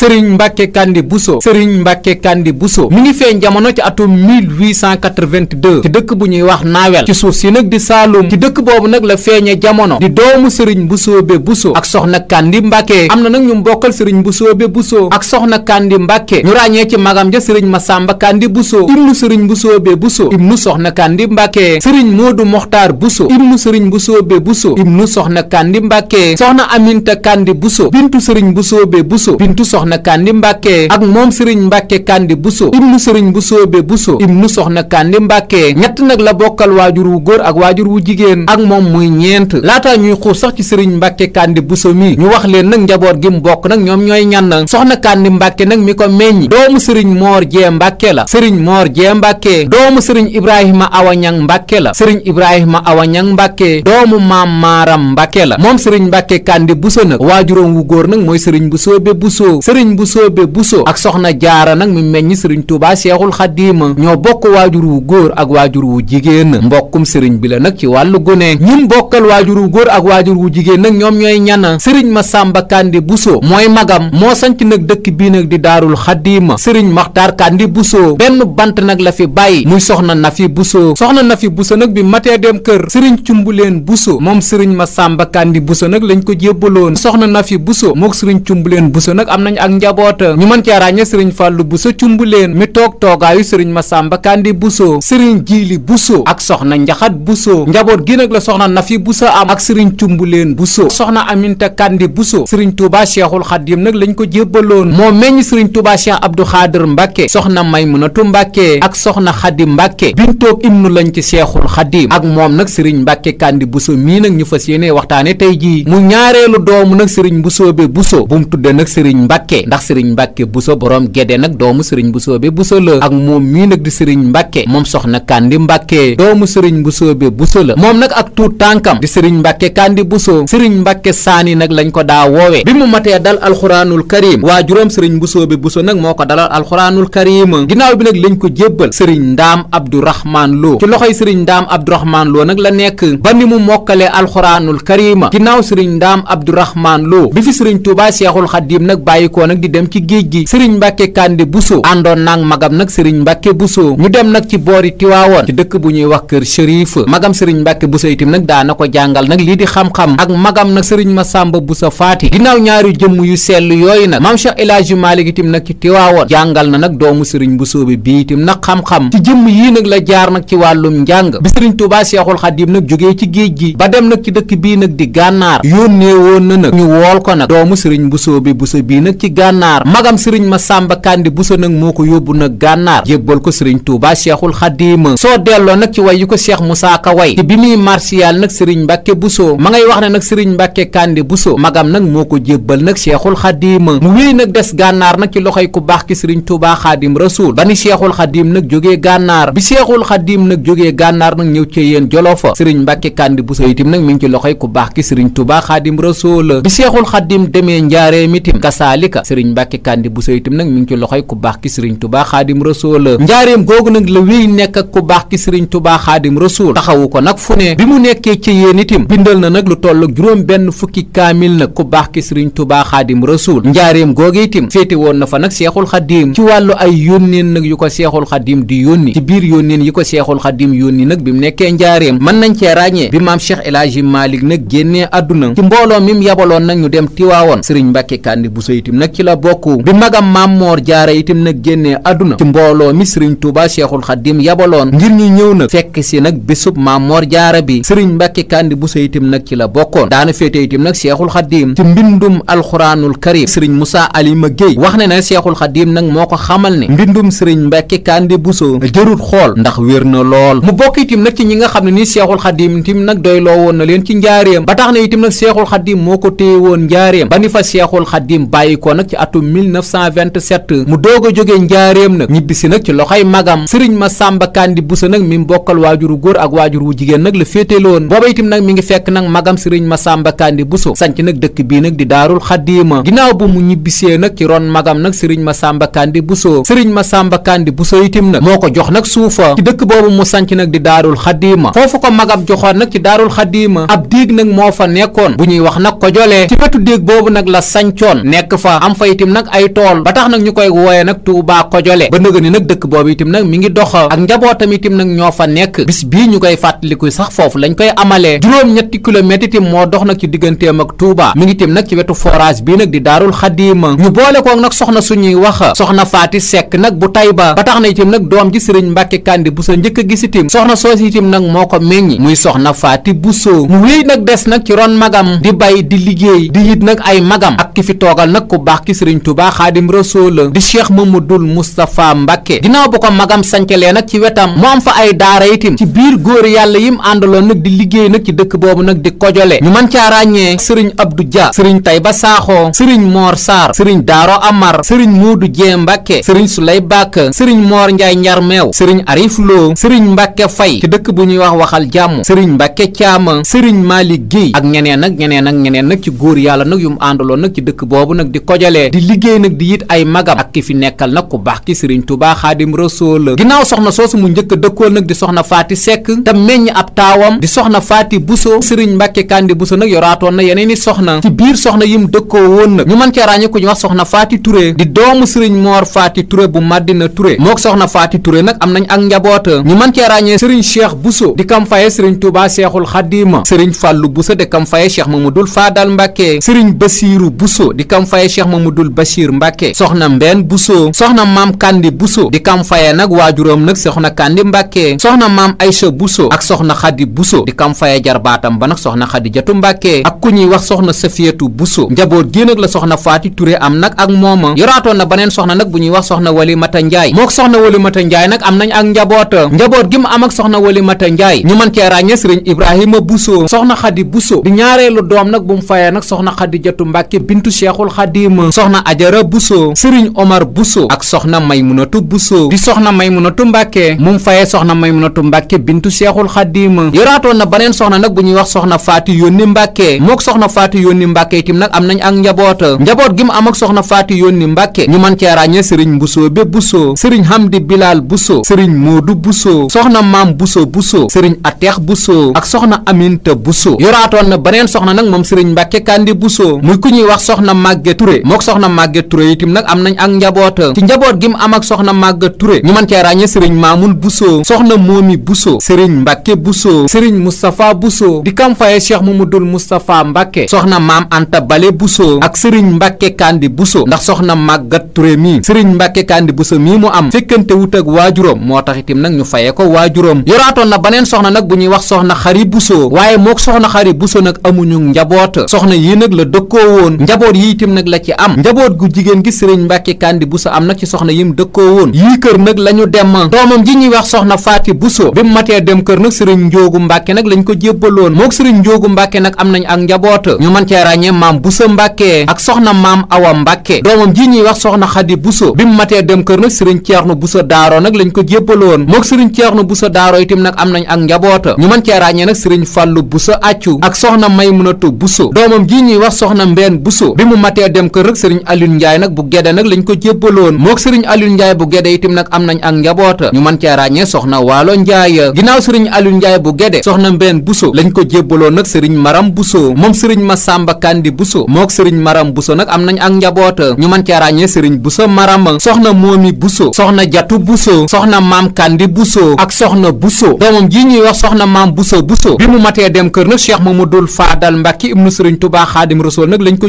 sëriñ mbàkke kandi buso sëriñ mbàkke kandi buso mi ngi feeñ jamono ci atum 1882 ci dëkk bu ñuy wax naawel ci suuf si nag di saalum ci dëkk boobu nag la feeñe jamono di doomu sëriñ busoobe buso ak soxna kandi mbàkke am na nag ñu mbokkal sëriñ busoobe buso ak soxna kandi mbàkke ñu ràññee ci magam ja sëriñ masàmba kandi buso ibnu sëriñ busoobe buso ibnu soxna kandi mbàkke sëriñ moodu moxtaar buso ibnu sëriñ busoobe buso ibnu soxna kandi mbàkke soxna aminta kandi buso bintu sëriñ busoobe buso bintu soxna soxna kandi mbàkke ak moom sëriñ mbàkke kandi buso ibnu sëriñ busoobe buso ibnu soxna kandi mbàkke ñett nag la bokkal waajur wu góor ak waajur wu jigéen ak moom muy ñeent laataa ñuy xuus sax ci sëriñ mbàkke kandi buso mi ñu wax leen nag njaboot gi bokk nag ñoom ñooy ñan na soxna kandi mbàkke nag mi ko meññ doomu sëriñ moor jee mbàkke la sëriñ moor jee mbàkke doomu sëriñ ibrahima awañang mbàkke la sëriñ ibrahima awañang mbàkke doomu maam maaram mbàkke la moom sëriñ mbàkke kandi buso nag waajuróom wu góor nag mooy sëriñ busoobe busoo sëriñ bu soobe buso ak soxna jaara nag mi meññ sëriñ tuubaa seexul xaddiima ñoo bokk waajur wu góor ak waajur wu jigéen mbokkum sëriñ bi la nag ci wàll gone ñim bokkal waajur wu góor ak waajur wu jigéen nag ñoom ñooy ñana sëriñ ma sàmba kandi buso mooy magam moo sanc nag dëkk bii nag di daarul xaddiima sëriñ maxtaar kandi buso benn bant nag la fi bàyyi muy soxna nafi buso soxna nafi buso nag bi matee dem kër sëriñ cumbuleen buso moom sëriñ ma sàmba kandi buso nag lañ ko jébbaloon ak njaboota ñu mën cee ràññe bu sa Bousso leen mi toog toogaayu sëriñ Massamba Kandi Bousso sëriñ Jiili Bousso ak soxna Njaxat Bousso njaboot gi nag la soxna Nafi sa am ak sëriñ leen Bousso soxna Aminta Kandi Bousso sëriñ Touba Cheikhul Khadim nag lañ ko jébbaloon moo meññ sëriñ Touba Cheikh Abdou Khadir Mbacke soxna Maymunatu Mbacke ak soxna Khady Mbacke bintoog ibnu lañ ci Cheikhul Khadim ak moom nag sëriñ Mbacke Kandi Bousso mii nag ñu fas yéene waxtaane tey jii mu ñaareelu doomu sëriñ Bousso be bu mu tudde nag sëriñ Mbacke Mbàkke ndax sëriñ Mbàkke Buso boroom Gédé nag doomu sëriñ Busoobe Buso la ak moom mii nag di sëriñ Mbàkke moom soxna Kandi Mbàkke doomu sëriñ Busoobe Buso la moom nag ak tuut tànkam di sëriñ Mbàkke Kandi Buso sëriñ Mbàkke Saani nag lañ ko daa woowe bi mu matee dal alxuraanul karim waajuram sëriñ Busoobe Buso nag moo ko dalal alxuraanul karim ginnaaw bi nag lañ ko jébbal sëriñ Ndaam Abdourahmaan Lo ci loxoy sëriñ Ndaam Abdourahmaan Lo nag la nekk ba ni mu mokkalee alxuraanul karima ginnaaw ko nag di dem ci géej gi sëriñ mbàkke kànde buso àndoon naag magam nag sëriñ mbàkke buso ñu dem nag ci boori tiwaawoon ci dëkk bu ñuy wax kër shérif magam sëriñ mbàkke buso itam nag daana ko jàngal nag lii di xam-xam ak magam nag sëriñ masàmba buso faati ginnaaw ñaari jëmm yu sell yooyu nag maam cheikh elaaji maalik itam nag ci tiwaawoon jàngal na nag doomu sëriñ buso bi bii itam nag xam-xam ci jëmm yii nag la jaar nag ci wàllum njàng bi sëriñ tuubaa seexul xadim nag ci géej gi ba dem dëkk bii nag di gànnaar magam sëriñ ma sàmba kandi buso nag moo ko yóbbu nag gànnaar jébbal ko sëriñ tuuba seexul xadiima soo delloo nag ci way yu ko seex musaa ka way te bi muy marsiyaal nag sëriñ mbàkke buso ma ngay wax ne nag sëriñ mbàkke kandi buso magam nag moo ko jébbal nag seexul xadiima mu wéy nag des gànnaar nag ci loxo loxoy ku baax ki sëriñ tuuba xaadim rasuul ba ni seexul xadiim nag jógee gànnaar bi seexul xadiim nag jógee gànnaar nag ñëw ci yéen jolofa sëriñ mbàkke kandi buso itim nag mi ngi ci loxoy ku baax ki sëriñ tuuba xaadim rasuul bi seexul xadiim demee njaareem itim sëriñ Mbàkke Kandi Bousso itam nag mi ngi ci loxoy ku baax ki sëriñ Tuubaa Xaadim Rasuul njaareem googu nag la wéy nekk ak ku baax ki sëriñ Tuubaa Xaadim Rasuul taxawu ko nag fu ne bi mu nekkee ci yéen itam bindal na nag lu toll juróom benn fukki kaamil nag ku baax ki sëriñ Tuubaa Xaadim Rasuul njaareem googu itam féete woon na fa nag Seexul Xaadim ci wàllu ay yónneen nag yu ko Seexul Xaadim di yónni ci biir yónneen yi ko Seexul Xaadim yónni nag bi mu nekkee njaareem mën nañ cee ràññee bi maam Cheikh El Hadji Malick nag génnee àdduna ci mbooloo mi mu yabaloon nag ñu dem Tiwaawoon sëriñ Mbàkke Kandi Bousso nag ci la bokk bi magam maam moor jaare itam nag génnee àdduna ci mbooloo mi sëriñ tuuba cheikhul xadim yabaloon ngir ñu ñëw nag fekk si nag bésub maam moor jaara bi sëriñ mbàkke kandi bu sa itam nag ci la bokkoon daana féete itam nag cheikhul xadim ci mbindum alxuraanul karim sëriñ moussa alima géey wax ne na cheikhul xadim nag moo ko xamal ne mbindum sëriñ mbàkke kandi bu sa jërut xool ndax wér na lool mu bokk itam nag ci ñi nga xam ne ni cheikhul xadim itam na leen ci njaareem ba tax na itam nag cheikhul xadim moo ko téye woon njaareem ba ni fa cheikhul xadim bàyyi ko nag ci atum 1927 mu doog a jógee njaareem nag ñibbisi nag ci loxoy magam sëriñ ma sàmba kandi busa nag mi mu bokkal waajuru góor ak waajur wu jigéen nag la féetale loon booba itam nag mi ngi fekk nag magam sëriñ ma sàmba kandi buso sanc nag dëkk bii nag di daarul xaddiima ginnaaw bu mu ñibbisee nag ci ron magam nag sëriñ ma sàmba kandi buso sëriñ ma sàmba kandi buso itam nag moo ko jox nag suufa ci dëkk boobu mu sanc nag di daarul xaddiima foofu ko magam joxoon nag ci daarul xaddiima ab diig nag moo fa nekkoon bu ñuy wax nag ko jolee ci wetu déeg boobu nag la sancoon am fa itam nag ay tool ba tax nag ñu koy wooye nag Touba Kojole ba nëga ni nag dëkk boobu itam nag mi ngi dox ak njabootam itam nag ñoo fa nekk bis bii ñu koy fàttaliku sax foofu lañ koy amalee juróom-ñetti kilomètre itam moo dox nag ci digganteem ak Touba mi ngi itam nag ci wetu forage bii nag di Daarul Xadiima ñu boole koog nag soxna suñuy wax soxna Faati Sekk nag bu Tayba ba tax na itam nag doom ji Sëriñ Mbàkke Kandi bu sa njëkk a gis itam soxna soosi itam nag moo ko meññi muy soxna Faati Buso mu wéy nag des nag ci ron magam di bay di liggéey di nag ay magam ak ki fi toogal baax ki sëriñ tubaa xaadim rasool di cheikh mamadul moustapha mbàkke ginnaaw bu ko magam sancalee nag ci wetam mu am fa ay daara itim ci biir góor yàlla yim àndaloon nag di liggéey nag ci dëkk boobu nag di kojole ñu mën caa ràññee sëriñ abdu dia sëriñ tayba saaxo sëriñ moor saar sëriñ daaro amar sëriñ moodu jee mbàkke sëriñ sulay bàkk sëriñ moor njaay njarmeew sëriñ arif loo sëriñ mbàkke fay ci dëkk bu ñuy wax waxal jàmm sëriñ mbàkke caama sëriñ maalik géy ak ñeneen nag ñeneen nag ñeneen nag ci góor yàlla nag yum àndaloon nag ci dëkk boobu nag di kojole dajalee di liggéey nag di it ay magam ak ki fi nekkal nag ku baax ki Serigne Touba Xaadim Rasuul ginnaaw soxna soosu mu njëkk a dëkkool nag di soxna Faati Seck te meññ ab taawam di soxna Faati Buso Serigne Mbàkke Kandi Buso nag yoraatoon na yeneen i soxna ci biir soxna yim dëkkoo woon nag ñu mën cee ràññee ku ñu wax soxna Faati Touré di doomu Serigne Mor Faati Touré bu Madina Touré mook soxna Faati Touré nag am nañ ak njaboota ñu man cee ràññee Serigne Cheikh Buso di kam faye Serigne Touba Cheikhul Xadima Serigne Fàllu Buso di kam faye Cheikh Mamadul Faadal Mbàkke Serigne Basiiru Buso di kam Mamadul Bachir Mbacke soxna Mbène Bousso soxna maam Kandi Bousso di kam faye nag waajuram nag soxna Kandi Mbacke soxna maam Aïcha Bousso ak soxna Khady Bousso di kam faye jarbaatam ba nag soxna Khady Jatu Mbacke ak ku ñuy wax soxna Safiyatu Bousso njaboot gi nag la soxna Faati Touré am nag ak mooma yoraatoon na beneen soxna nag bu ñuy wax soxna Wali Mata Njaay mook soxna Wali Mata Njaay nag am nañ ak njaboota njaboot gi mu am ak soxna Wali Mata Njaay ñu mën cee ràññee sëriñ Ibrahima Bousso soxna Khady Bousso di ñaareelu doom nag bu mu fayee nag soxna Khady Jatu soxna soxna ajara buso sëriñ omar buso ak soxna maymunatu buso di soxna maymunatu mbàkke moom fayee soxna maymunatu mbàkke bintu seexul xaddiima yoraatoon na baneen soxna nag bu ñuy wax soxna faati yónni mbàkke mook soxna faati yónni mbàkke itam nag am nañ ak njaboota njaboot gi mu am ak soxna faati yónni mbàkke ñu mën cee ràññee sëriñ mbusoo be buso sëriñ hamdi bilaal buso sëriñ moodu buso soxna maam buso buso sëriñ ateex buso ak soxna aminta yoraatoon na baneen soxna nag moom sëriñ mbàkke kandi buso muy ku ñuy wax soxna màgge ture mook soxna Maguette Touré itam nag am nañ ak njaboot ci njaboot gi mu am ak soxna Maguette Touré ñu mën cee ràññee sëriñ Mamoun Bousso soxna Momi Bousso sëriñ Mbacke Bousso sëriñ Moustapha Bousso di kam faye Cheikh Mamadou Moustapha Mbacke soxna Maam Anta Bale Bousso ak sëriñ Mbacke Kandi Bousso ndax soxna Maguette Touré mii sëriñ Mbacke Kandi Bousso mii mu am fekkante wut ak waajuróom moo tax itam nag ñu fayee ko waajuróom yoraatoon na baneen soxna nag bu ñuy wax soxna Xari Bousso waaye mook soxna Xari Bousso nag amuñu njaboot soxna yii nag la dëkkoo woon njaboot yi itam nag la ci am njaboot gu jigéen gi sëriñ Mbàkke Kandi Bousso am na ci soxna yi mu dëkkoo woon yii kër nag la ñu dem doomam ji ñuy wax soxna Faati Bousso bi mu matee dem kër nag sëriñ Njoogu Mbàkke nag lañ ko jébbaloon mook sëriñ Njoogu Mbàkke nag am nañ ak njaboot ñu mën cee ràññee maam Bousso Mbàkke ak soxna maam Awa Mbàkke doomam ji ñuy wax soxna Xadi Bousso bi mu matee dem kër nag sëriñ Ceerno Bousso Daaro nag lañ ko jébbaloon mook sëriñ Ceerno Bousso Daaro itam nag am nañ ak njaboota ñu mën cee ràññee nag sëriñ Fàllu Bousso Accu ak soxna Maymunatu Bousso doomam ji ñuy wax soxna Mbeen Bousso bi mu matee dem kër loolu rek sëriñ Alioune Ndiaye nag bu gedde nag lañ ko jébbaloon mook sëriñ Alioune Ndiaye bu gedde itam nag am nañ ak njaboota ñu man cee ràññee soxna Waalo Ndiaye ginnaaw sëriñ Alioune Ndiaye bu gedde soxna Mbeen Buso lañ ko jébbaloon nag sëriñ Maram Buso moom sëriñ Masamba Kandi Buso mook sëriñ Maram Buso nag am nañ ak njaboota ñu mën cee ràññee sëriñ Buso Maram soxna Moomi Buso soxna Jatu Buso soxna Maam Kandi Buso ak soxna Buso doomam ji ñuy wax soxna Maam Buso Buso mu matee dem kër nag Cheikh Mamadou Fadal Mbàkke ibnu sëriñ Tuubaa Xaadim Rasuul nag lañ ko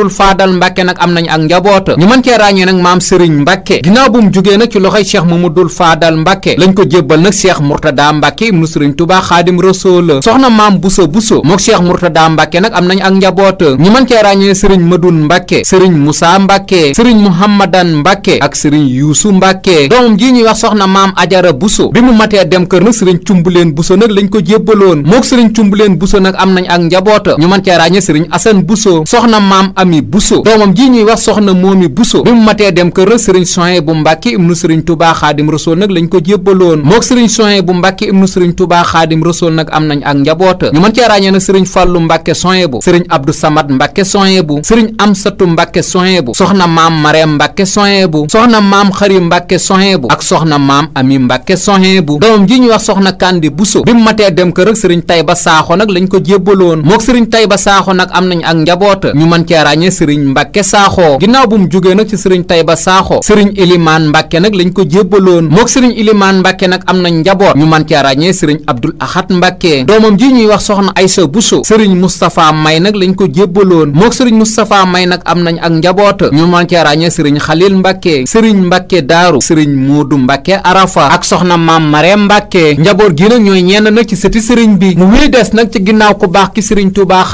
Mouhamadul Faadal Mbàkke am nañ ak njaboota ñu mën cee ràññee nag maam Sëriñ Mbàkke ginnaaw bu mu jugee nag ci loxoy Cheikh Mamadul Faadal Mbàkke lañ ko jébbal nag Cheikh Mourtada Mbàkke ibnu Sëriñ Tuubaa Xaadim Rasuul soxna maam Buso Buso mook Cheikh Mourtada Mbàkke nag am nañ ak njaboota ñu mën cee ràññee Sëriñ Madun Mbàkke Sëriñ Musaa Mbàkke Sëriñ Muhammadan Mbàkke ak Sëriñ Yuusu Mbàkke doomam ji ñuy wax soxna maam Ajara Buso bi mu matee dem kër nag Sëriñ Cumbuleen Buso nag lañ ko jébbaloon mook Sëriñ Cumbuleen Buso nag am nañ ak njaboota ñu mën cee ràññee Sëriñ Asan Buso soxna maam am Moomi Bousso doomam ji ñuy wax soxna Moomi Bousso bi mu matee dem kër sëriñ soye bu Mbàkke ibnu sëriñ Touba Xaadim Rasuul nag lañ ko jébbaloon mook sëriñ soye bu Mbàkke ibnu sëriñ Touba Xaadim Rasuul nag am nañ ak njaboota ñu bu sëriñ Abdou Samad Mbàkke soye bu sëriñ Amsatu Mbàkke soye bu soxna maam Mareem Mbàkke soye bu soxna maam Xari Mbàkke soye bu ak soxna maam Ami Mbàkke soye bu doomam ji ñuy wax soxna Kandi Bousso bi mu matee dem kër sëriñ Tayba Saaxo nag lañ ko jébbaloon mook sëriñ Tayba Saaxo nag am nañ ak njaboota ràññe sëriñ mbàkke saaxoo ginnaaw bu mu jógee nag ci sëriñ tayba saaxo sëriñ ilimaan mbàkke nag lañ ko jébbaloon mook sëriñ ilimaan mbàkke nag am na njaboot ñu man cee ràññee sëriñ abdul axat mbàkke doomam ji ñuy wax soxna aysa buso sëriñ mustapha may nag lañ ko jébbaloon mook sëriñ mustapha may nag am nañ ak njaboot ñu man cee ràññee sëriñ xalil mbàkke sëriñ mbàkke daaru sëriñ muudu mbakke arafa ak soxna maam mare mbàkke njaboot gi nag ñooy ñenn nag ci sëti bi mu wéy ku baax ki sëriñ tuubaa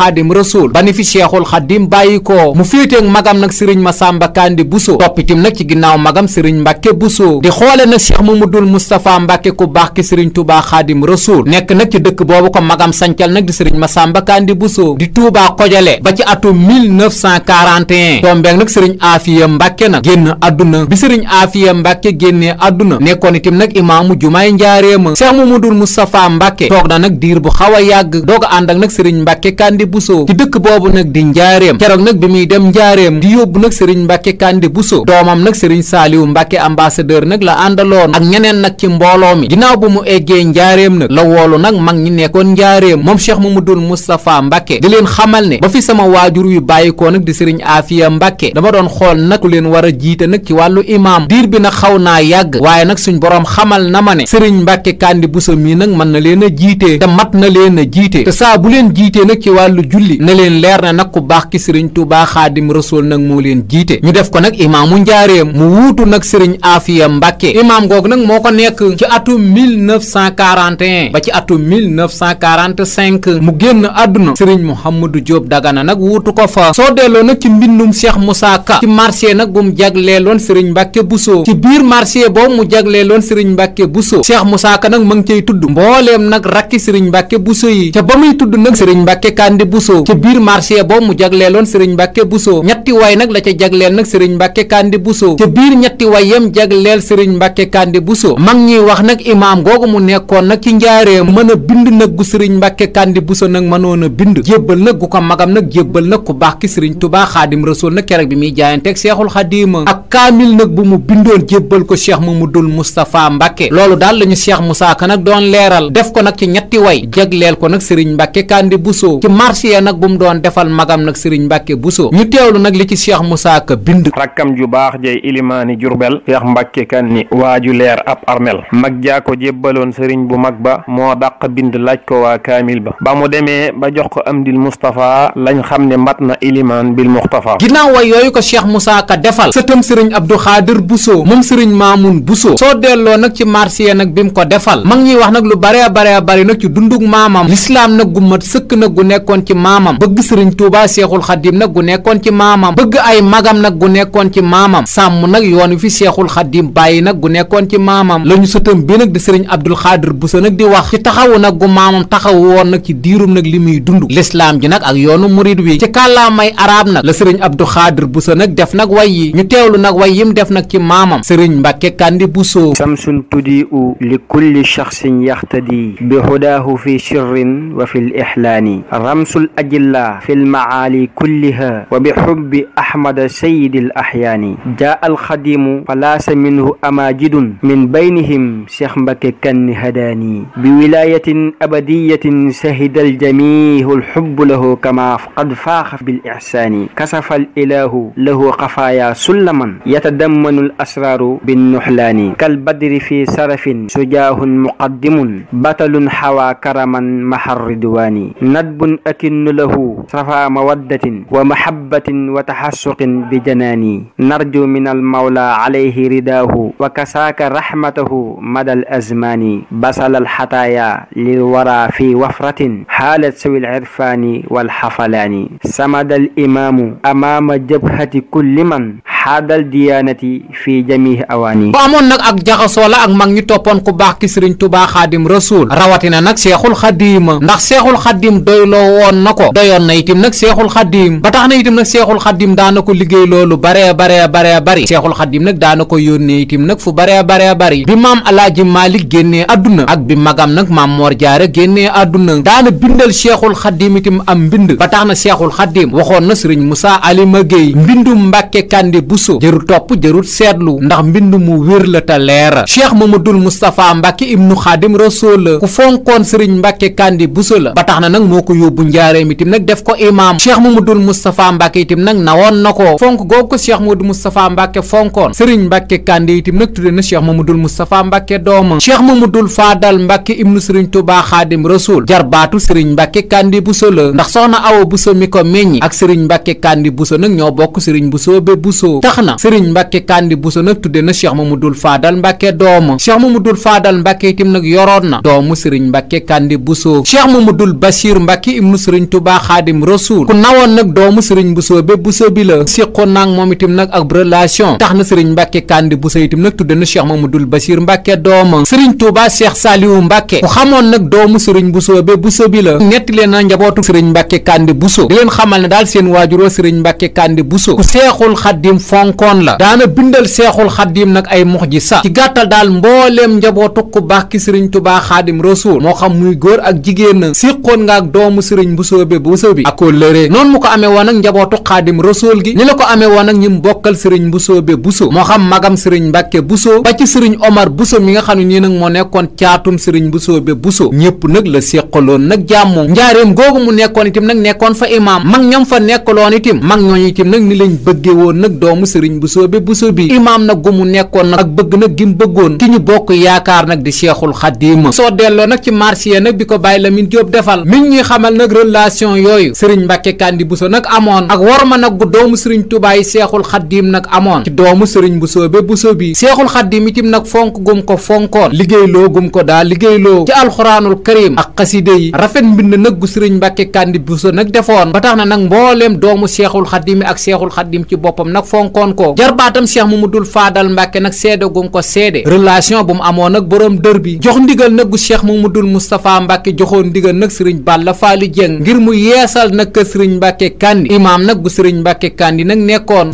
woo mu féeteek magam nag sëriñ Masamba Kandi Bousso toppitim nag ci ginnaaw magam sëriñ Mbàkke Bousso di xoole nag Cheikh Mamadul Moustapha Mbàkke ku baax ki sëriñ Touba Xaadim Rasul nekk nag ci dëkk boobu ko magam sancal nag di sëriñ Masamba Kandi Bousso di Touba Kojale ba ci atum 1941 tombeek nag sëriñ Afiya Mbàkke nag génn àdduna bi sëriñ Afiya Mbàkke génnee àdduna nekkoon itim nag imaamu jumaay njaareema Cheikh Mamadul Moustapha Mbàkke toog na nag diir bu xaw a a ànd ak nag sëriñ Mbàkke Kandi Bousso ci dëkk boobu nag di bi muy dem njaareem di yóbbu nag sëriñ mbàkke kàndi buso doomam nag sëriñ saaliwu mbàkke ambassadeur nag la àndaloon ak ñeneen nag ci mbooloo mi ginnaaw bu mu eggee njaareem nag la woolu nag mag ñi nekkoon njaareem moom cheikh mamadul moustapha mbàkke di leen xamal ne ba fi sama waajur yu bàyyikoo nag di sëriñ aafiya mbàkke dama doon xool nag ku leen war a jiite nag ci wàllu imaam diir bi na xaw naa yàgg waaye nag suñ boroom xamal na ma ne sëriñ mbàkke kàndi buso mii nag mën na leen a jiite te mat na leen a jiite te saa jiitee nag ci wàllu julli na leen leer na nag ku Tuubaa Xaadim Rasuul nag moo leen jiite ñu def ko nag imaamu njaareem mu wuutu nag sëriñ Afiya Mbàkke imaam googu nag moo ko nekk ci atum 1941 ba ci atum 1945 mu génn àdduna sëriñ Mouhamadou Diop Dagana nag wuutu ko fa soo delloo nag ci mbindum Cheikh Moussa ci marché nag bu jagleeloon sëriñ Mbàkke Bousso ci biir marché boobu mu jagleeloon sëriñ Mbàkke Bousso Cheikh Moussa Ka nag ma ngi cay tudd mbooleem nag rakki sëriñ Mbàkke Bousso yi ca ba muy tudd nag sëriñ Mbàkke Kandi Bousso ci biir marché boobu mu jagleeloon sëriñ Mbàkke Buso ñetti way nag la ca jagleel nag sëriñ Mbàkke Kandi Buso ca biir ñetti way yam jagleel sëriñ Mbàkke Kandi Buso mag wax nag imaam mu nekkoon nag ci njaareem mën a bind nag gu sëriñ Mbàkke Kandi Buso nag mënoon a bind jébbal nag gu ko magam nag jébbal nag ku baax ki sëriñ Tubaa Xaadim na nag keroog bi muy jaayanteeg Seexul Xadiima ak kaamil nag bu mu bindoon jébbal ko mu Cheikh Mamadul Moustapha Mbàkke loolu daal lañu seex Moussa Ka nag doon leeral def ko nag ci ñetti way jagleel ko nag sëriñ Mbàkke Kandi so ci marché nag bu mu doon Bousso ñu teewlu nag li ci Cheikh Moussa Ka bind rakkam ju baax jey ilimaani jurbel Cheikh Mbàkke kan ni waaju leer ab armel mag jaa ko jébbaloon sëriñ bu mag ba moo dàq bind laaj ko waa kaamil ba ba mu demee ba jox ko amdil Moustapha lañ xam ne mat na ilimaan bil Muxtafa ginnaaw way yooyu ko Cheikh Moussa Ka defal sëtam sëriñ Abdou Xaadir Bousso moom sëriñ Maamun Bousso soo delloo nag ci marsiya nag bi mu ko defal mag ñuy wax nag lu bare bare bare nag ci dundug maamam lislaam nag gu mat sëkk nag gu nekkoon gu nekkoon ci maamam bëgg ay magam nag gu nekkoon ci maamam sàmm nag yoon wi fi seexul xaddim bàyyi nag gu nekkoon ci maamam lañu sëtam bi nag di sëriñ abdul xaadir buso nag di wax ci taxawu nag gu maamam taxaw woon nag ci diirum nag li muy dund lislaam ji nag ak yoonu murid wi ci kàllaamay arab nag la sëriñ abdu xaadir buso nag def nag way yi ñu teewlu nag way yim def nag ci maamam sëriñ mbàkke kandi buso samsun tudi u li kulli shaxsin yaxtadi bi hudaahu fi sirrin wa fi lixlaani ramsul الأنهار وبحب أحمد سيد الأحيان جاء الخديم فلاس منه أماجد من بينهم شيخ مبكي كن هداني بولاية أبدية شهد الجميع الحب له كما قد فاخ بالإحسان كسف الإله له قفايا سلما يتدمن الأسرار بالنحلان كالبدر في سرف سجاه مقدم بطل حوى كرما محر الردوان ندب أكن له صفا مودة ومحبة mahabbatin wa taxassuqin bi janaani narju min almawla alayhi ridaahu wa kasaaka rahmatahu madal azmaani basal alxataaya lilwara fi wafratin xaalat sawi alirfaani walxafalaani samada alimaamu amaama jabhati kulli man xaadal diyaanati fi jamihi awaani bu amoon nag ak jaxasoo la ak mag ñu toppoon ku baax ki sëriñ tubaa xaadim rasuul rawatina nag seexul xadiim ndax seexul xadiim doyloo woon na ko doyoon na itim nag seexul xadiim ba tax tax na itam nag seexul xaddim daana ko liggéey loolu bare bare bare bari seexul xaddim nag daana ko yónnee itam nag fu bare bare bari bi maam alaaji maalik génnee àdduna ak bi magam nag maam moor jaare génnee àdduna daana bindal seexul xaddim itam am mbind ba tax na seexul xaddim waxoon na sëriñ Moussa Alima Gueye mbindum mbàkke kandi buso jëru topp jërul seetlu ndax mbind mu wér la te leera cheikh mamadul moustapha mbàkke ibnu xaadim rasool la ku fonkoon sëriñ mbàkke kandi buso la ba Moustapha Mbacke itam nag nawoon na ko fonk googu ko Cheikh Modou Moustapha Mbacke fonkoon Serigne Mbacke Kande itam nag tudde na Cheikh Mamadou Moustapha Mbacke doomam Cheikh Mamadou Fadal Mbacke ibnu Serigne Touba Khadim Rasoul jarbaatu Serigne Mbacke Kande Bousso la ndax soxna Awa Bousso mi ko meññi ak Serigne Mbacke Kande Bousso nag ñoo bokk Serigne Bousso be Bousso tax na Serigne Mbacke Kande Bousso nag tudde na Cheikh Mamadou Fadal Mbacke doomam Cheikh Mamadou Fadal Mbacke itam nag yoroon na doomu Serigne Mbacke Kande Bousso Cheikh Mamadou Bachir Mbacke ibnu Serigne Touba Khadim Rasoul ku nawoon nag doomu sëriñ Bousso be Bousso bi la séqoon nag moom itam nag ak relation tax na sëriñ Mbàkke Kandi Bousso itam nag tudde na Cheikh Mamadul Bachir Mbàkke dooma sëriñ Touba Cheikh Saliou Mbàkke ku xamoon nag doomu sëriñ Bousso be Bousso bi la ñetti leen na njabootu sëriñ Mbàkke Kandi Bousso di leen xamal ne daal seen waajuroo sëriñ Mbàkke Kandi Bousso ku seexul xaddim fonkoon la daana bindal seexul xaddim nag ay mux ji sa ci gàttal daal mbooleem njabootu ku baax ki sëriñ Touba xaadim Rasuul moo xam muy góor ak jigéen séqoon nga ak doomu sëriñ Bousso njabootu xaadim rasool gi ni la ko amee woon ak ñim bokkal sëriñ Mbusoobe Buso moo xam magam sëriñ Mbàkke Buso ba ci sëriñ Omar Buso mi nga xam ne nii nag moo nekkoon caatum sëriñ Mbusoobe Buso ñëpp nag la séqaloon nag jàmm njaareem googu mu nekkoon itam nag nekkoon fa imaam mag ñoom fa nekkaloon itam mag ñooñu itam nag ni lañ bëgge woon nag doomu sëriñ Mbusoobe Buso bi imaam nag gu mu nekkoon nag ak bëgg nag gi mu bëggoon ki ñu bokk yaakaar nag di Seexul Xadiim soo delloo nag ci marché nag bi ko Baye Lamine Diop defal mi ñuy xamal nag relation yooyu sëriñ Mbàkke Kandi xaddiim nag amoon ci doomu sëriñ bu soobe bu soobi seexul xaddiim itim nag fonk gum ko fonkoon liggéeyloo gum ko daal liggéeyloo ci alxuraanul karim ak xaside yi rafet mbind nag gu sëriñ mbàkke kandi bu so nag defoon ba tax na nag mbooleem doomu seexul xaddiim ak seexul xaddiim ci boppam nag fonkoon ko jarbaatam seex mamadul faadal mbàkke nag seede gum ko seede relation bu mu amoon nag boroom dër bi jox ndigal nag gu seex mamadul mustapha mbàkke joxoon ndigal nag sëriñ bàlla faali jëng ngir mu yeesal nag kër sëriñ mbàkke kandi imaam nag gu sëriñ mbàkke kandi nag nekkoon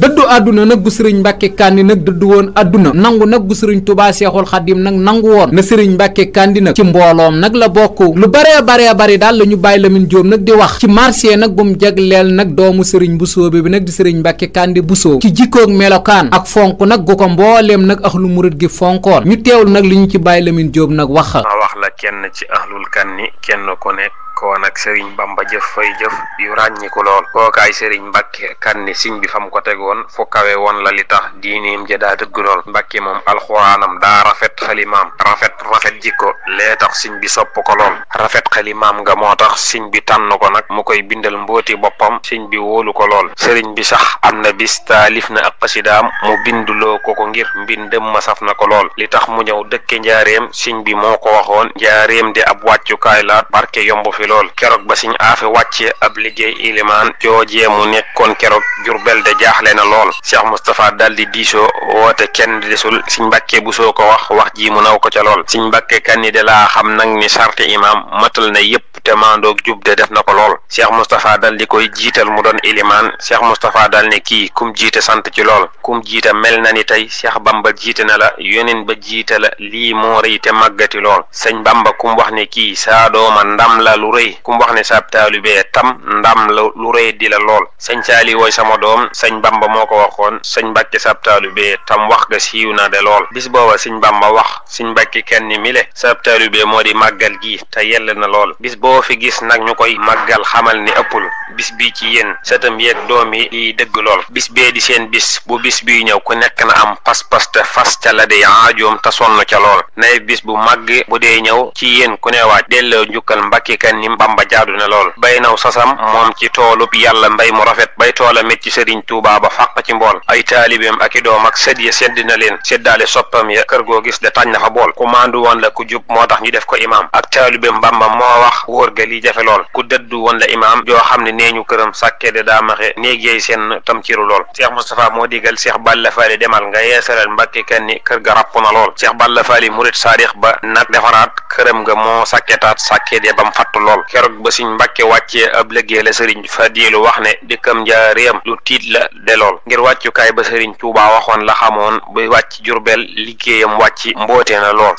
àdduna nag gu sëriñ mbàkke kandi nag dëddu woon àdduna nangu nag gu sëriñ tubaa seexul xadim nag nangu woon na sëriñ mbàkke kandi nag ci mbooloom nag la bokk lu baree baree bari daal la ñu bàyyi Lamine Jóob nag di wax ci marché nag bu mu leel nag doomu sëriñ bu soobe bi nag di sëriñ mbàkke kandi bu soob ci jikkoog melokaan ak fonk nag gu ko mbooleem nag axlu murit gi fonkoon ñu teewlu nag li ñu ci bàyyi Lamine Jóob nag wax wax la kenn ci axlul kan ni jokkoo nag sëriñ bamba jëf fay jëf yu ràññiku lool kookaay sëriñ mbàkke kanni siñ bi fam ko teg woon fu kawe woon la li tax diineem ja daa dëgg lool mbàkke moom alxuraanam daa rafet xalimaam rafet rafet jikko lee tax siñ bi sopp ko lool rafet xalimaam nga moo tax siñ bi tànn ko nag mu koy bindal mbooti boppam siñ bi woolu ko lool sëriñ bi sax am na bis taalif na ak xasidaam mu binduloo ko ko ngir mbindam ma saf na ko lool li tax mu ñëw dëkke njaareem siñ bi moo ko waxoon njaareem di la lool keroog ba siñ aafe wàccee ab liggéey ilimaan joojee mu nekkoon keroog jurbel de jaaxle na lool cheikh moustapha daldi diisoo woote kenn desul siñ mbàkke bu soo ko wax wax ji mu naw ko ca lool siñ mbàkke kan ni de laa xam nag ni sarte imaam matal na yépp te maandoog jub de def na ko lool Cheikh Moustapha dal di koy jiital mu doon ilimaan Cheikh Moustapha dal ne kii kum jiite sant ci lool kum jiite mel na ni tey Cheikh Bamba jiite na la yonin ba jiite la lii moo rëy te màggati lool sëñ mbamba kum wax ne kii saa dooma ndam la lu rëy kum wax ne saab be tam ndam la lu rëy di la lool sëñ Saali wooy sama doom sëñ mbamba moo ko waxoon sëñ Mbàkke saab taalibee tam wax nga siiw na de lool bis booba sëñ Bamba wax sëñ Mbàkke kenn mi le saab taalibee moo di te yell na lool koo fi gis nag ñu koy màggal xamal ni ëppul bis bi ci yéen sëtam yeeg doom yi di dëgg lool bis bee di seen bis bu bis bi ñëw ku nekk na am pas-pas te fas ca la di aajoom te sonn ca lool nay bis bu màgg bu dee ñëw ci yéen ku ne waaj delloo njukkal mbàkki kan ni mbamba jaadu na lool bay naw sasam moom ci toolub yàlla mbay mu rafet bay toola met ci sëriñ tuubaa ba fàq ci mbool ay taalibeem ak i doom ak sët ya sedd na leen seddaale soppam ya kër goo gis da tàñ na fa tax ñu def ko taalibeem wër ga lii jafe lool ku dëddu woon la imaam joo xam ne nee ñu këram sàkke de daa maxe néeg yeey seen tam ciru lool Cheikh Moustapha moo digal Cheikh Balla Faali demal nga yeesalal Mbàkke Kanni kër ga ràpp na lool Cheikh Balla Faali murit ba nag defaraat këram nga moo sàkketaat sàkke de bam fatt lool keroog ba suñ Mbàkke wàccee ab liggéey la sëriñ Fadilu wax ne dikkam njaareem lu tiit la de lool ngir wàccukaay ba sëriñ Tuubaa waxoon la xamoon buy wàcc Jurbel liggéeyam wàcc mboote na lool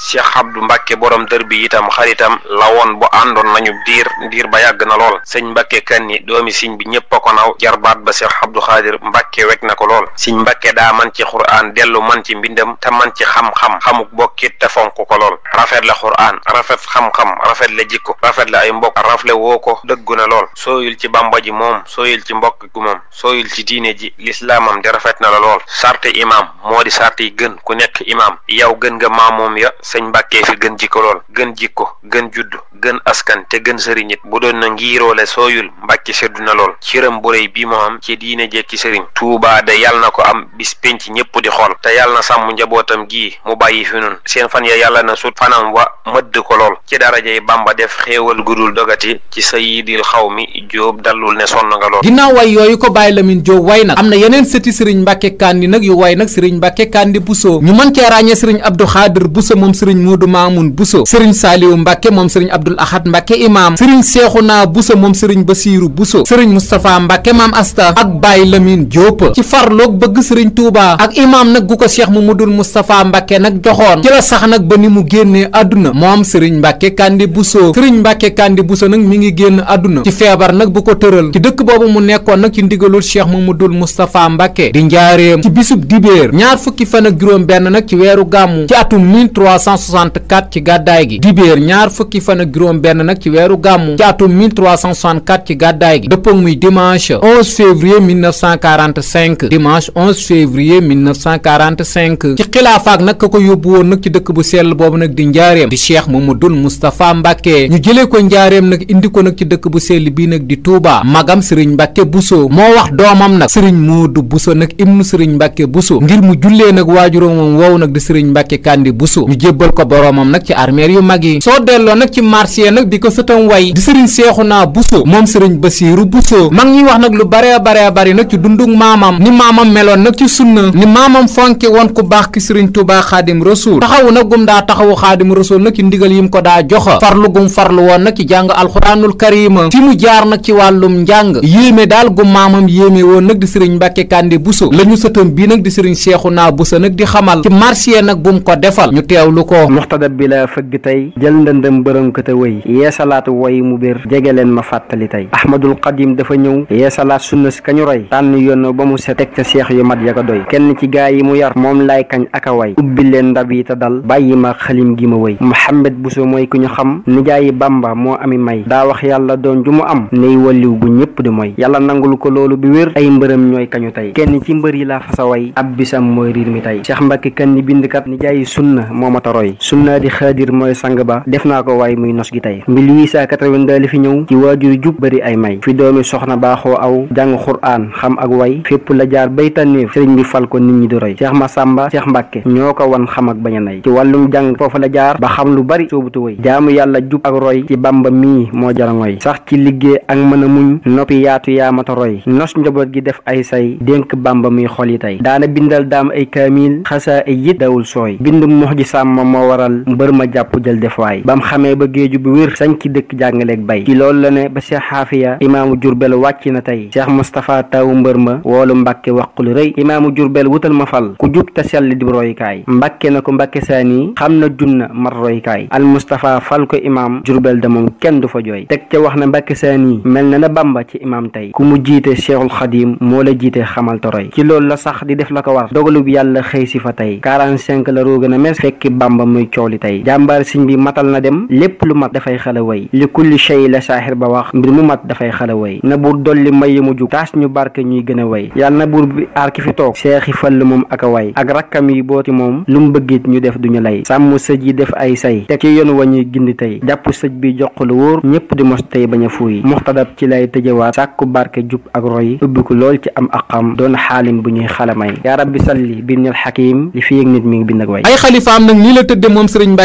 diir diir ba yàgg na lool sëñ Mbàkke Kanni doomi siñ bi ñëpp a ko naw jarbaat ba Seex Abdu Xaadir Mbàkke wek na ko lool siñ Mbàkke daa man ci xuraan dellu man ci mbindam te man ci xam-xam xamuk bokkit te fonk ko lool rafet la xuraan rafet xam-xam rafet la jikko rafet la ay mbokk rafle woo ko dëggu na lool sooyul ci bamba ji moom sooyul ci mbokk gu moom sooyul ci diine ji lislaamam di rafet na la lool sarte imaam moo di sarte yi gën ku nekk imaam yow gën nga maamoom ya sëñ Mbàkke fi gën jikko lool gën jikko gën judd gën askan gën sëriñit bu doon na ngiiroole sooyul mbàcc seddu na lool cëram bu réy bi moo am ci diine jekki sëriñ tuubaa de yàlla na ko am bis penc ñépp di xool te yàlla na sàmm njabootam gii mu bàyyi fi nun seen fan ya yàlla na sut fanam wa mëdd ko lool ci darajey bàmba def xéewal gudul dogati ci sayidil xaw mi jóob dallul ne sonn nga lool ginnaaw way yooyu ko bàyyi lamin jóob way nag am na yeneen sëti sëriñ mbàkke kandi nag yu way nag sëriñ mbàkke kandi maam sëriñ Seexuna Buso moom sëriñ Basiiru Buso sëriñ Mustapha Mbàkke maam asta ak Baay Lamin Jóob ci farloog bëgg sëriñ Tuuba ak imaam nag gu ko mu Cheikh Mamadul Mustapha Mbàkke nag joxoon ci la sax nag ba ni mu génnee àdduna moom sëriñ Mbàkke Kandi Buso sëriñ Mbàkke Kandi Buso nag mi ngi génn àdduna ci feebar nag bu ko tëral ci dëkk boobu mu nekkoon nag ci ndigalul Cheikh Mamadul Mustapha Mbàkke di njaareem ci bisub dibéer ñaar fukki fan ak juróom benn nag ci weeru gàmmu ci atum 1364 ci gàddaay gi weeru gàmmu ci atum 1364 ci gàddaay gi dëppoo muy dimanche 11 février 1945 dimanche 11 février 1945 ci xilaafaak nag ka ko yóbbu woon nag ci dëkk bu sell boobu nag di njaareem di cheikh mamadul moustapha mbàkke ñu jëlee ko njaareem nag indi ko nag ci dëkk bu sell bii nag di Touba magam sëriñ mbàkke buso moo wax doomam nag sëriñ moodu buso nag ibnu sëriñ mbàkke buso ngir mu jullee nag waajuróomam woow nag di sëriñ mbàkke kandi buso ñu jébbal ko boroomam nag ci armeer yu mag yi soo jotam way di sëriñ Seexuna Buso moom sëriñ Basiiru Buso mag ñi wax nag lu bare bare bari nag ci dunduk maamam ni maamam meloon nag ci sunna ni maamam fonke woon ku baax ki sëriñ Tuubaa Xaadim Rasuul taxawu nag gum daa taxawu Xaadim Rasuul nag ci ndigal yim ko daa joxa farlu gum farlu woon nag ci jàng alxuraanul karima fi mu jaar nag ci wàllum njàng yéeme daal gum maamam yéeme woon nag di sëriñ Mbàkke Kàndi Buso la ñu sëtam bii nag di sëriñ Seexuna Buso nag di xamal ci marché nag bum ko defal ñu teewlu ko muxtadab bi la fëgg tey jël ndëndëm bërëm a te wëy yeesal yeesalaat woy mu bér jege leen ma fàttali tey ahmadul qadim dafa ñëw yeesalaat sunna si kañu roy tànn yoon mu ya ko doy kenn ci gaa yi mu yar moom lay kañ aka ma xalim gi ma wëy Mouhamed Bousso mooy ku ñu xam nijaayi moo ami may daa wax yàlla doon ju mu am ney walliw gu ñëpp di mooy yàlla nangul ko loolu bi wér ay mbërëm ñooy kañu tey kenn ci mbër yi laa fasa way ab bisam mooy riir mi tey Cheikh Mbacke kan ni bindkat nijaayi sunna moo ma a roy sunna di xaadir mooy sang ba def naa ko way muy nos gi tey 682 li fi ñëw ci waajur jub bëri ay may fi doomi soxna baaxoo aw jàng xuraan xam ak way fépp la jaar bay tànnéef sëriñ bi fal ko nit ñi di roy Cheikh Massamba Cheikh Mbacke ñoo ko wan xam ak bañ a nay ci wàllum jàng foofu la jaar ba xam lu bari soobutu way jaamu yàlla jub ak roy ci bamba mii moo jarangooy sax ci liggéey ak mën a muñ noppi yaatu yaamata roy nos njaboot gi def ay say dénk bàmba mi xol yi tey daana bindal daam ay kaamil xasaa ay yit dawul sooy bind mox ji sàmm moo waral mbër ma jàpp jël defaay bam xamee dëkk jàngaleeg bay ci loolu la ne ba Cheikh Xaafiya imaamu Jurbel wàcc na tey Cheikh Moustapha taw mbër ma woolu Mbàkke wax ku lu rëy imaamu Jurbel wutal ma fal ku jub te sell di roykaay Mbàkke na ko Mbàkke saani xam na jum na mat roykaay al Moustapha fal ko imaam Jurbel da moom kenn du fa jooy teg ca wax na Mbàkke saani mel na na Bamba ci imaam tey ku mu jiite Cheikhul Xadim moo la jiite xamal ci loolu la sax di def la ko war dogalub yàlla xëy si fa tey 45 la roogën a mes fekki Bamba muy coow li tey jàmbaar siñ bi matal na dem lépp lu mat dafay xale way way li kulli shay la saaxir ba wax mbir mu mat dafay xala way na buur dolli may mu jug taas ñu barke ñuy gën a way yàlla buur bi aar fi toog seexi fàll moom ak a way ak rakkam yi booti moom lu mu bëggit ñu def duñu lay sàmm sëj yi def ay say teg ci yoon wa ñuy gindi tey jàpp sëj bi jox lu wóor ñëpp di mos tey bañ a fuuy muxtadab ci lay tëjawaat sàkku barke jub ak roy ubbiku lool ci am aqam doon xaalim bu ñuy xala may yaa rabbi salli binnal xakim li fi yëg nit mi ngi bind ak way ay xalifaam nag nii la tëdde moom sëriñ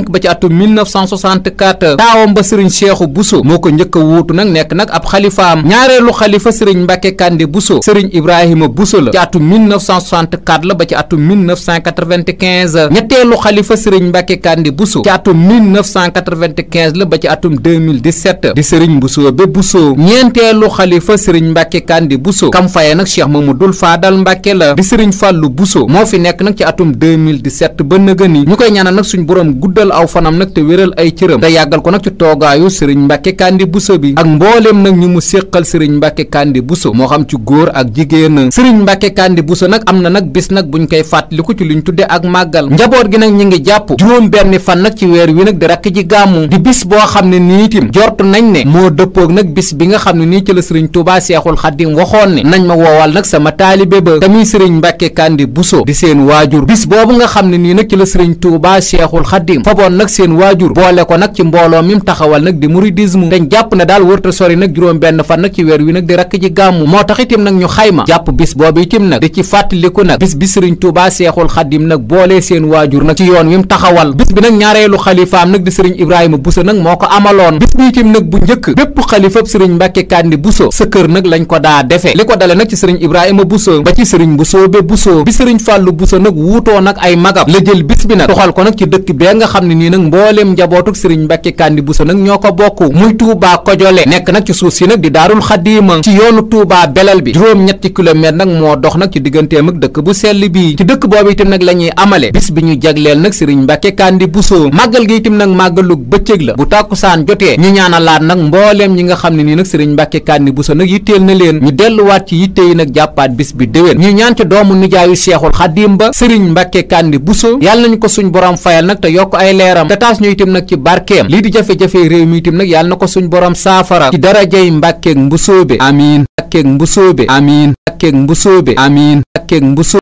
1965 ba ci atum 1964 taawam ba sëriñ Seexu Buso moo ko njëkk a wuutu nag nekk nag ab xalifaam ñaareelu xalifa sëriñ Mbàkke Kande Buso sëriñ Ibrahima Buso la ci atum 1964 la ba ci atum 1995 ñetteelu xalifa sëriñ Mbàkke Kande Buso ci atum 1995 la ba ci atum 2017 di sëriñ Buso ba Buso ñeenteelu xalifa sëriñ Mbàkke Kande Buso kam faye nag Cheikh Mamadul Faadal Mbàkke la di sëriñ Fàllu Buso moo fi nekk nag ci atum 2017 ba nëgëni ñu koy ñaanal nag suñ borom gudd guddal aw fanam nag te wéral ay cëram te yàggal ko nag ci toogaayu sëriñ Mbàkke Kandi Buso bi ak mbooleem nag ñu mu séqal sëriñ Mbàkke Kandi Buso moo xam ci góor ak jigéen sëriñ Mbàkke Kandi Buso nag am na nag bis nag bu buñ koy fàttaliku ci lu ñu tudde ak màggal njaboot gi nag ñu ngi jàpp juróom benni fan nag ci weer wi nag di rakk ji gàmmu di bis boo xam ne nii itam jortu nañ ne moo dëppoog nag bis bi nga xam ne nii ci la sëriñ Tuubaa Seexul Xaddim waxoon ne nañ ma woowal nag sama taalibe ba tamuy sëriñ Mbàkke Kandi Buso di seen waajur bis boobu nga xam ne nii nag ci la sëriñ Tuubaa Seexul Xaddim faboon nag seen waajur boole ko nag ci mbooloo mim taxawal nag di muridisme dañ jàpp ne daal wërta sori nag juróom benn fan nag ci weer wi nag di rakk ci gàmmu moo tax itim nag ñu xayma jàpp bis boobu itim nag di ci fàttaliku nag bis bi sëriñ Tuubaa Seexul Xadim nag boolee seen waajur nag ci yoon wi mu taxawal bis bi nag ñaareelu xalifaam nag di sëriñ Ibrahima Bousso nag moo ko amaloon bis bi itim nag bu njëkk bépp xalifab sëriñ Mbàkke Kandi Bousso sa kër nag lañ ko daa defee li ko dale nag ci sëriñ Ibrahima Bousso ba ci sëriñ Mbusoobe Bousso bi sëriñ Fàllu Bousso ay magam la jël bis bi nag doxal xam ne nii nag mbooleem njabootuk sëriñ Mbàkke Kandi Buso nag ñoo ko bokk muy Touba Kojole nekk nag ci suuf si nag di daarul xadiima ci yoonu Touba belal bi juróom-ñetti kilomètre nag moo dox nag ci digganteem ak dëkk bu sell bi ci dëkk boobu itam nag la ñuy amale bis bi ñu jagleel nag sëriñ Mbàkke Kandi Buso màggal gi itam nag màggalug bëccëg la bu tàkkusaan jotee ñu ñaanalaat nag mbooleem ñi nga xam ne nii nag sëriñ Mbàkke Kandi Buso nag yitteel na leen ñu delluwaat ci yitte yi jàppaat bis bi déwén ñu ñaan ca doomu nijaayu Seexul Xadiim ba sëriñ Mbàkke Kandi Buso yàlla nañu ko suñ borom fayal nag ay leeram te taas ñu itam nag ci barkeem lii di jafe-jafe réew mi itam nag yàlla na ko suñ borom saafara ci darajay mbàkkeeg mbusoobe amiin mbàkkeeg mbusoobe amiin mbàkkeeg mbusoobe amiin mbàkkeeg mbusoobe